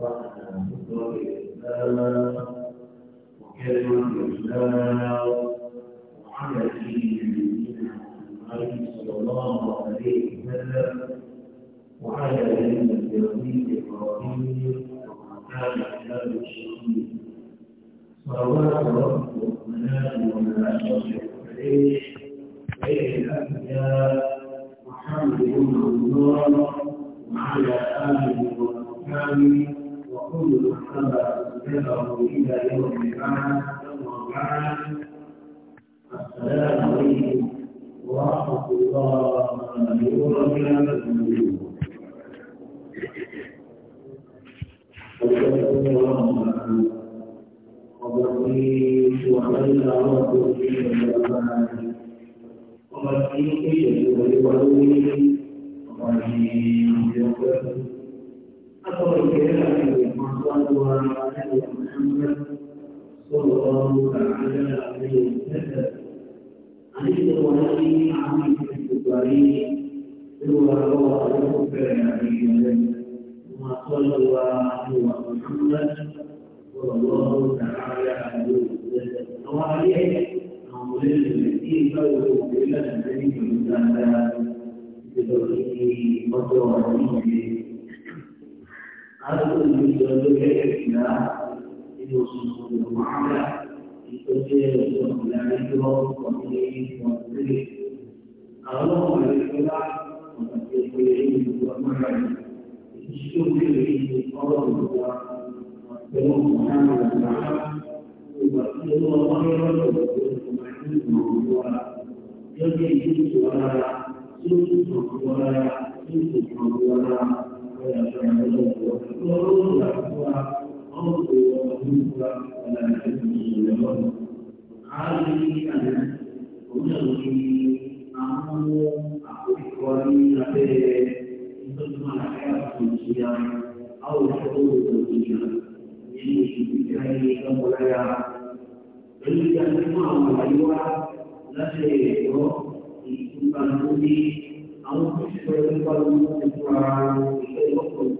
وأصلحنا فكرة الإسلام وكلمة الإسلام وعلى دين نبينا محمد صلى الله عليه وسلم وعلى علم التوحيد إبراهيم وعلى كتاب الشهيد صلوات ربك ومنام ومنام عليه غير الأنبياء محمد بن الله وعلى آله وأصحابه وكل سبب ذكره إلى يوم البعث يوم البعث السلام ورحمة الله وبركاته وخير رب العالمين ومسيح يسوع ولي ومن يغفر أترك محمد وعلى محمد صلى الله تعالى عليه وسلم عن الرواية عن البخاري هو روى له كلامه ثم صلى عليه محمد صلى الله تعالى عليه وسلم وعليه أمر التي فوق إلى النبي صلى الله عليه وسلم Aku menjadikan kita itu sungguh bermakna. Itu dia untuk mencari tuh kondisi kondisi. Kalau mereka untuk diri bermakna, itu diri orang tua dengan mana mana buat itu orang tua kemarin berbuat. Jadi itu suara, itu suara, itu suara. Ibu kandung di, aku sekolah di kalung di Kuala, di Kuala Lumpur.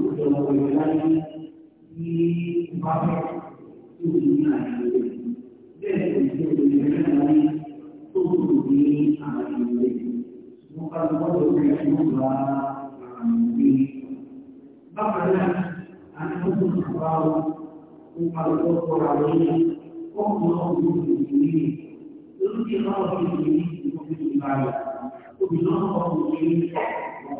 что мы выбирали и вокруг Thank you.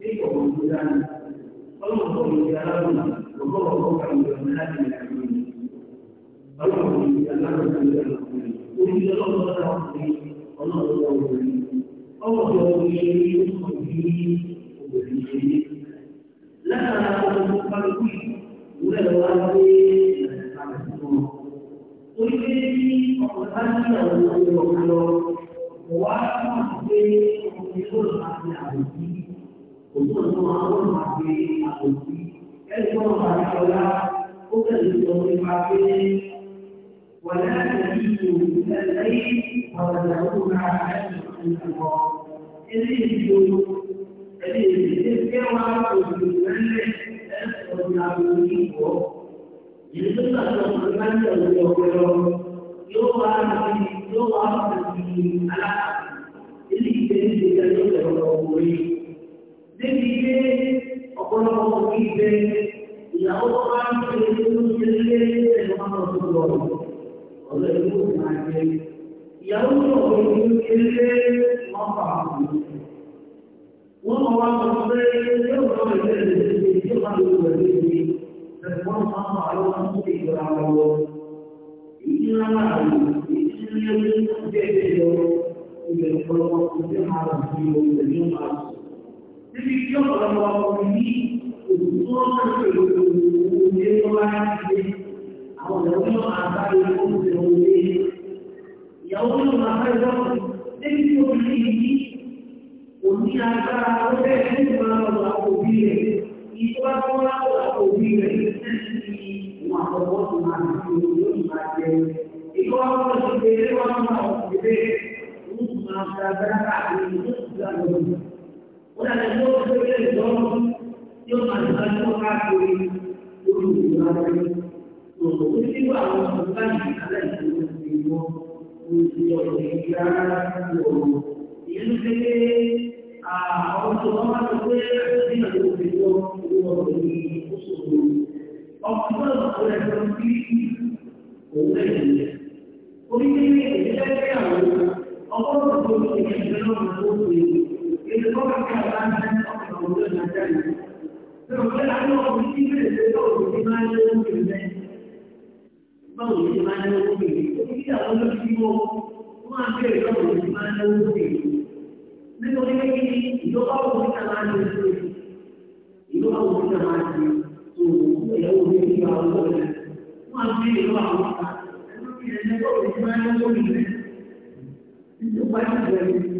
ليس موجودا فانظر لكلام وضره عند المنهج العلمي فانظر لكلام عند المسلمين اريد الله تعالى ونظر له انظر اليه لا تقبل كل ولا واحد Oríṣiríṣi ọ̀pọ̀lọpọ̀ ní àwọn ọmọ ìwọ̀n lọ, wọ́n á máa ń gbé ọmọ ìwọ̀n àti àwọn ìdílé. وكل معروف عبيد أخوتي يذكر حولا وكذب عبيد ولا تزيد من الليل وتدعون على أن الله إليه إليه تذكر وعبد الملك أسر العبيد يجب أن تتمنى اليوم يوم عبد يوم عبد على اللي يجب أن يتمنى débi ilé ọ̀pọ̀lọpọ̀ òbí ìgbé ìyàwó tó bá ń pè é ló ń ṣe ilé ẹ̀rọ máa lọ sí lọ ọ̀rọ̀ ìlú kò máa jẹ ìyàwó tó ọ̀rọ̀ ìlú ń ṣe ilé wọn fà á kù wọn kọ wá sọ pé yóò lọ ìlú ẹ̀rọ ìlú yóò máa lọ ìlú ẹ̀rọ ìlú ẹ̀fọ́n máa ń pàrọ̀ wọn tó ti gbọ́ra lọ ìdílé náà ìdílé ní ẹgbẹ́ ìjọba ìgbẹ̀rún ọlọ́wọ́ ìgbẹ́ máa lọ sí ìlú ìgbẹ̀rún máa lọ Demikian dalam waktu ini, Thank you orang yang mau berjalan jauh, yang mana satu kaki turun di bawah, turun di bawah, bukan di atas itu semua, untuk jauh di atas itu, yang kedua, ah, orang tua mana boleh di mana itu, orang ini usul, orang tua orang yang berhenti, orang ini, orang ini dia dia dia, orang tua orang ini dia dia orang tua إذا الوضع كان الآن كان أكثر من غير مكان فكان عنده قوتين من الزيتون واحتمال ممكن الزيت برضه احتمال ممكن وإذا قلت فيه ما في برضه احتمال ممكن من غيره يقع احتمال ممكن يقع احتمال ممكن ويقوم به بعض الأولاد ما في بعض الأولاد أنه إذا قلت احتمال ممكن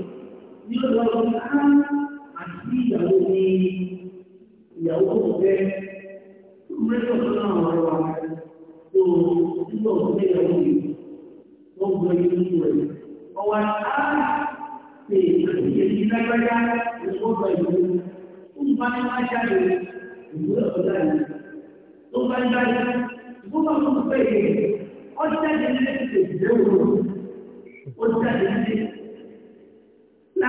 yóò lọ sí á àti ìyàwó ní ìyàwó tó fẹ́ mẹ́tọ̀ tó náà wà wá tó nígbà tó fẹ́ ìyàwó yìí wọ́n gbọ́ ilé ní rẹ̀ ọwọ́ á ṣe àtìyẹ ní lágbájá ìwọ́n gba ìwé ó ń bá ní má jáde ìwé ọ̀dà yìí tó bá ń jáde ìwọ́n bá tó fẹ́ yẹ ọjà ìdílé ti tẹ̀síwò ó jáde ní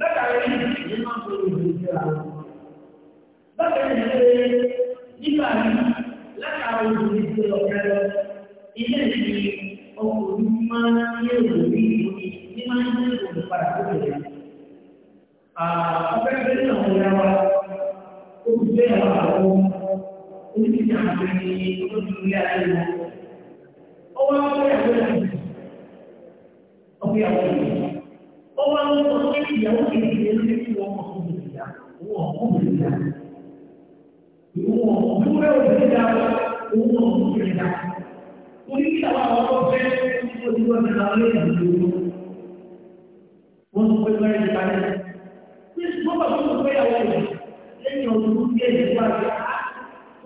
látàrí ìdí máa ń tó ìlú ìjọ àwọn bákan náà ṣe nígbà yìí látàrí ìdí ọ̀gá lọ ilé ìdí ọkùnrin máa ń ní èrò ní ìdí ní máa ń ní èrò padà tó lè rí. afẹ́fẹ́ náà ń yá wa olùgbé àwọn àwọn ó wá ń sọ ìyàwó kékeré ló ní wọ́n mọ̀ fún mi ìyá òun ọ̀kú mi ìyá òun ọ̀kú mi ìyá òun ọ̀kú mi ìyá orí kí àwọn àwọn ọkọ fẹ́ ó ti wọ́n ti ra ọlé ìyàwó wọn sọ pé wọ́n ti parí ní bọ́bà tó sọ pé àwọn ọ̀rẹ́ lẹ́yìn ọdún tó ti ẹ̀jẹ̀ wá sí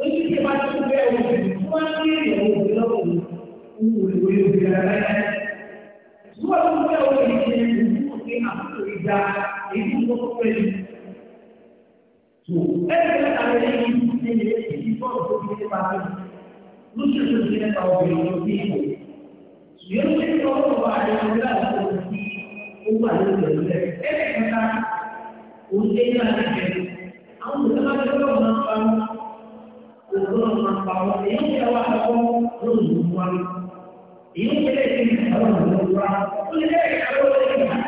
ojú tí a bá tó fẹ́ ọ̀rẹ́ wọ́n á ní ìyàwó òun lọ́wọ́ òun òun òun da ebi koko pẹlu to ẹni tẹlẹ ta lẹ yi ti ti ẹni ti ti fọ ọdọ tó ti ba fẹ lu tó tó ti ẹ ta ọbẹ yọ ti ibò yọ ló ti tọ ọwọ ayé wọn lé àwọn ọmọ ti owó àti ọmọ ìlú rẹ ẹni kẹta o ti ẹni àti ẹni kẹta àwọn ọmọ ìlú rẹ ọmọ náà pa ọ ọmọ náà pa ọmọ náà èyí ń yẹ wá ọkọ lóòrùn wọn èyí ń yẹ lẹyìn ìgbà wọn lọ wá ó ti lẹyìn ìgbà wọn lọ wá.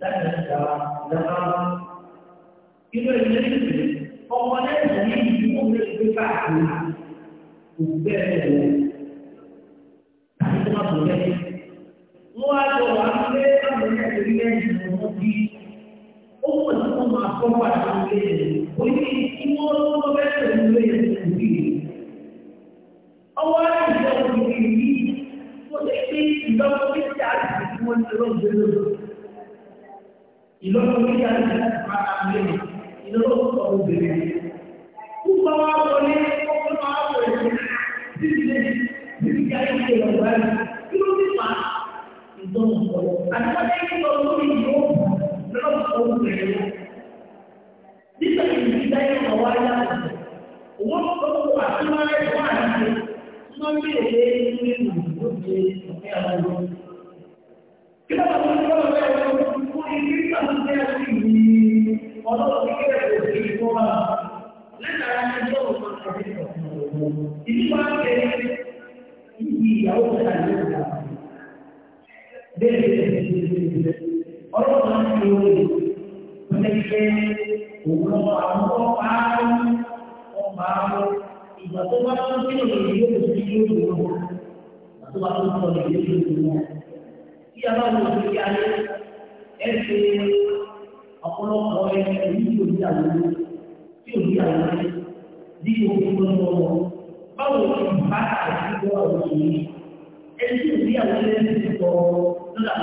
láti ṣàwà lọ́wọ́. Irú ilé ìgbé ọmọ lẹ́sẹ̀ ní ìlú ọ̀gbẹ́ ìgbé káàkiri kò bẹ́ẹ̀ lọ. Tàbí tí wọ́n tó lẹ́yìn. Wọ́n á lọ wà pé àwọn ilé ìgbé lẹ́yìn ló wọ́n bí. Ó wọ̀ ní wọ́n máa kọ́ wà lórí ilé rẹ̀. Ó ní kí wọ́n lọ́wọ́ bẹ́ẹ̀ lọ nílé ìlú rí. Ọwọ́ àìsàn òkè yìí, mo ìlọ́pọ̀ ní ìyá ìjẹ́ àpáta mẹ́rin ìlọ́pọ̀ obìnrin. Púpọ̀ wá wọlé ọkọ̀ máa wọ̀ ẹ̀sìn títí ní ìgbà ìjẹ́ ìlọ́pọ̀ Satu waktu itu dia berdiri di rumah. Satu waktu itu dia berdiri di rumah. Dia baru bersikir di RC, berdiri di rumah, dia dulu. Dia dia dulu. Dia dulu, dia berdiri di rumah, dia dulu. Rizu dia dulu, dia dulu. Dia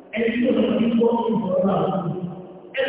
dulu, dia rumah Dia dulu, dia dulu. Yeah.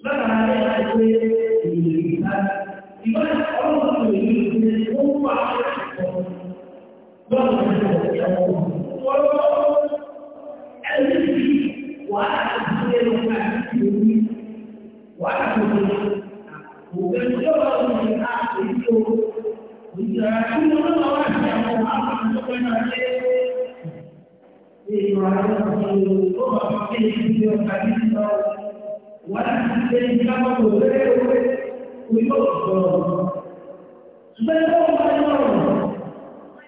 那个，你你看，你看，我们这里就是五毛钱一桶，我们是这样子，我们，哎，你，我还看不见路牌，你，我还看不见路牌，啊，五根塑料棍子插在土里头，不是啊，你不是老外，你讲的话，他们说跟那些，那些东西，我们说的，就是说，你知道。wọ́n ti ṣe ìjọba tó lérè owó ìlú ọ̀dọ́. ṣùgbọ́n ẹgbẹ́ wọn máa ń lọ rọ̀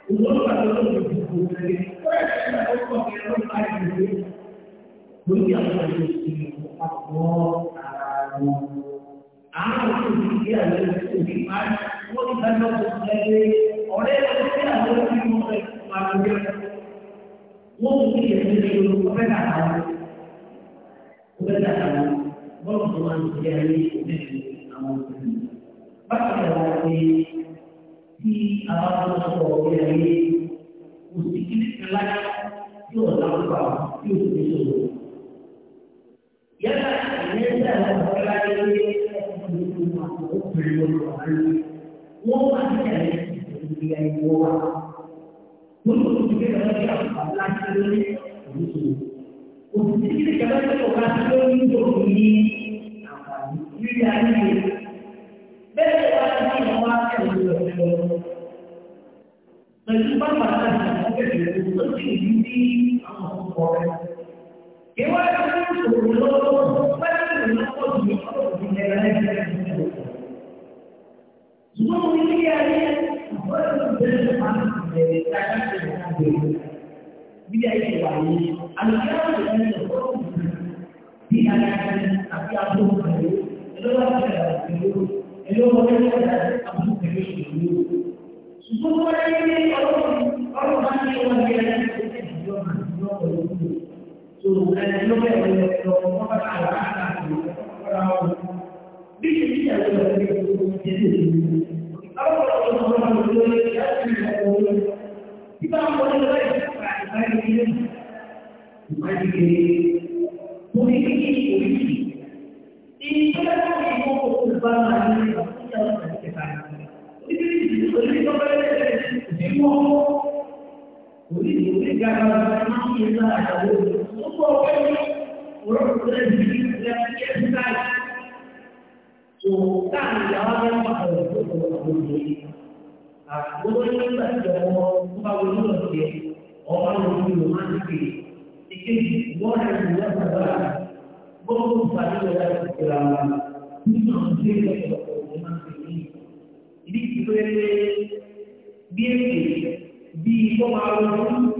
ìlú ọ̀dọ́ tó lóde ìdìbò rẹ̀ kọ́ ẹ̀ṣẹ̀ náà ó kọ̀ kí ẹ̀rọ máa ń lè lórí àwọn ọ̀dọ́ ìlú ọ̀rẹ́ ẹgbẹ́ àwọn berhubungan dengan Bapak yang lagi di awal masuk dari musik ini kelak itu tanpa itu itu. Ya, ini saya berkata ini itu masuk belum lagi. Uang masih ada di dalam uang. Untuk juga dalam dia berlatih ini itu. 我们今天的干部都是官，都是英雄主义，他妈的！原来呢，那个官呢，他妈的，就是说，那一般般的干部就是自欺欺人，然后说的，结果呢，最后还是老百姓把老百姓给打死了，你还有怀疑？àlùkò Bien, bien, bien, bien, bien, bien,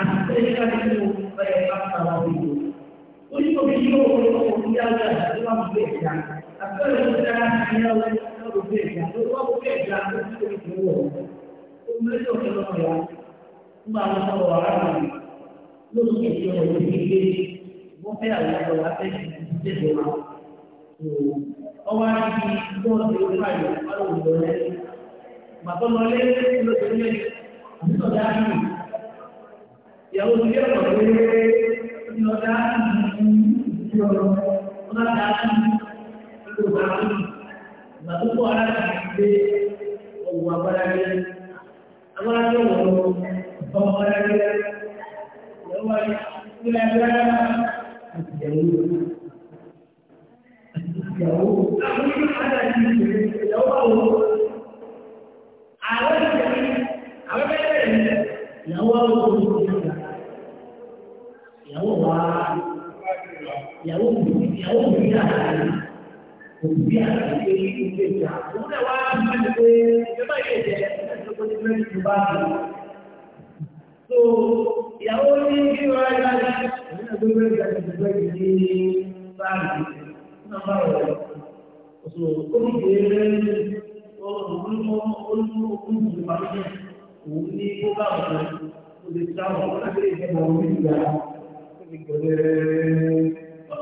àtẹ̀yẹ́ká nínú ẹ̀ pàtàkì àwọn ìlú. ó ní òbí yóò wọlé ọkọ̀ òkú yára yára tó wà lókè ẹ̀dá àtẹ̀yẹ́ tó dára ní yára lọ lókè ẹ̀dá tó wà lókè ẹ̀dá tó ti lè fi wọ̀. ó ń lé ọ̀kẹ́ lọ́wọ́ ya ń bá wọn sọ̀rọ̀ ara rẹ̀ ló ti ń lé àbúrò dáhùn ìyàwó tó yẹ kọ̀ pé ìyọ̀dá ìyọ̀rọ̀ ọ̀gá dáadáa ló bá tó ìgbà tó kọ́ ara rẹ̀ gbé ọ̀wọ̀ agbára rẹ̀ agbára rẹ̀ wọ̀ ọ̀wọ̀ agbára rẹ̀ ìyàwó rẹ̀ ìlẹ̀ agbára àti ìyàwó rẹ̀ ìyàwó àwọn ìyàwó mi ìyàwó mi ní àlàyé òbí bí àlàyé ilé ìjà òun náà wá sí pé ìjọba yóò jẹ ẹgbẹ́ tó ní mẹ́rin tó bá ti so ìyàwó ní kí wọ́n á yá ní òun náà tó mẹ́rin láti gbogbo ẹ̀jẹ̀ ní báàgì náà bá wọ̀ so ó ní kéré olùkọ́ olùkọ́ olùkọ́ òun ní kó bá òun ní kó bá wọn olùkọ́ ìpàdé òun ní kó bá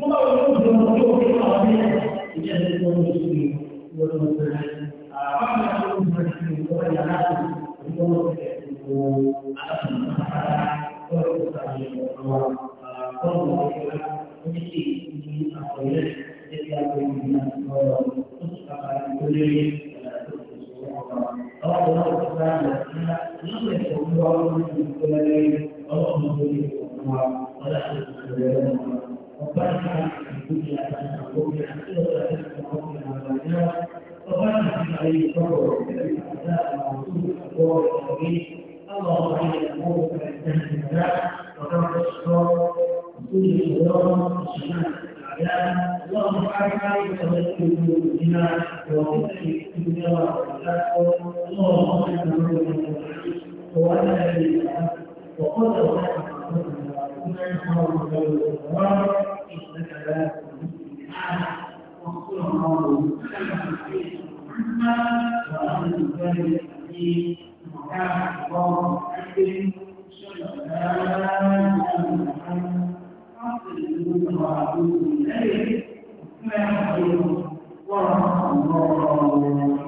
Nígbà wo ni ó ti lọ sí òkè náà wọlé ẹ̀? Ìjẹ́ ti tó ní oṣù mi, mo lọ sí rẹ̀. Àwọn àgbà tó ń bọ̀ sí ìwọ́n yà láti ìwọ́n lọ sí ẹ̀kọ́ alásùnmáta lọ́rọ̀ tó sàlẹ̀ ọ̀rọ̀ bọ́ọ̀lù ọ̀gá oníṣe ní àkọlẹ̀ ẹgbẹ́ àgbẹ̀ ìgbìmọ̀ lọ́rọ̀ tó sì kàkà ìgbélé Ọlọ́run náà ti bá àgbà sí ńlá, ìlú ẹ̀kọ́ ń bọ́ ọ́n ní ìgbélé ọlọ́run tó lè fọ̀ọ́ wa, ọlọ́run tó lè fọ̀ọ́ وفاتحة الدنيا أن أقوم بالآخرة أن أقوم بالعبادات وفاتحة عليه صبر بالأداء الموصول الدور الطبيب اللهم عليك الأمور فإنها الأداء وترك الشكر وصول الشيطان الشمال الأعيان اللهم اجعل عليك تذكر الدماء ووقفك في الدنيا والآخرة اللهم صل على محمد وعلى آله وصحبه وقدر لنا أن نكون من أمر الله إنك لا تكون واغفر الله كما حييت عنا وأهل البلد الحكيم وكان الله حكيم شر لا وأعوذ إليه السلام عليكم ورحمة الله وبركاته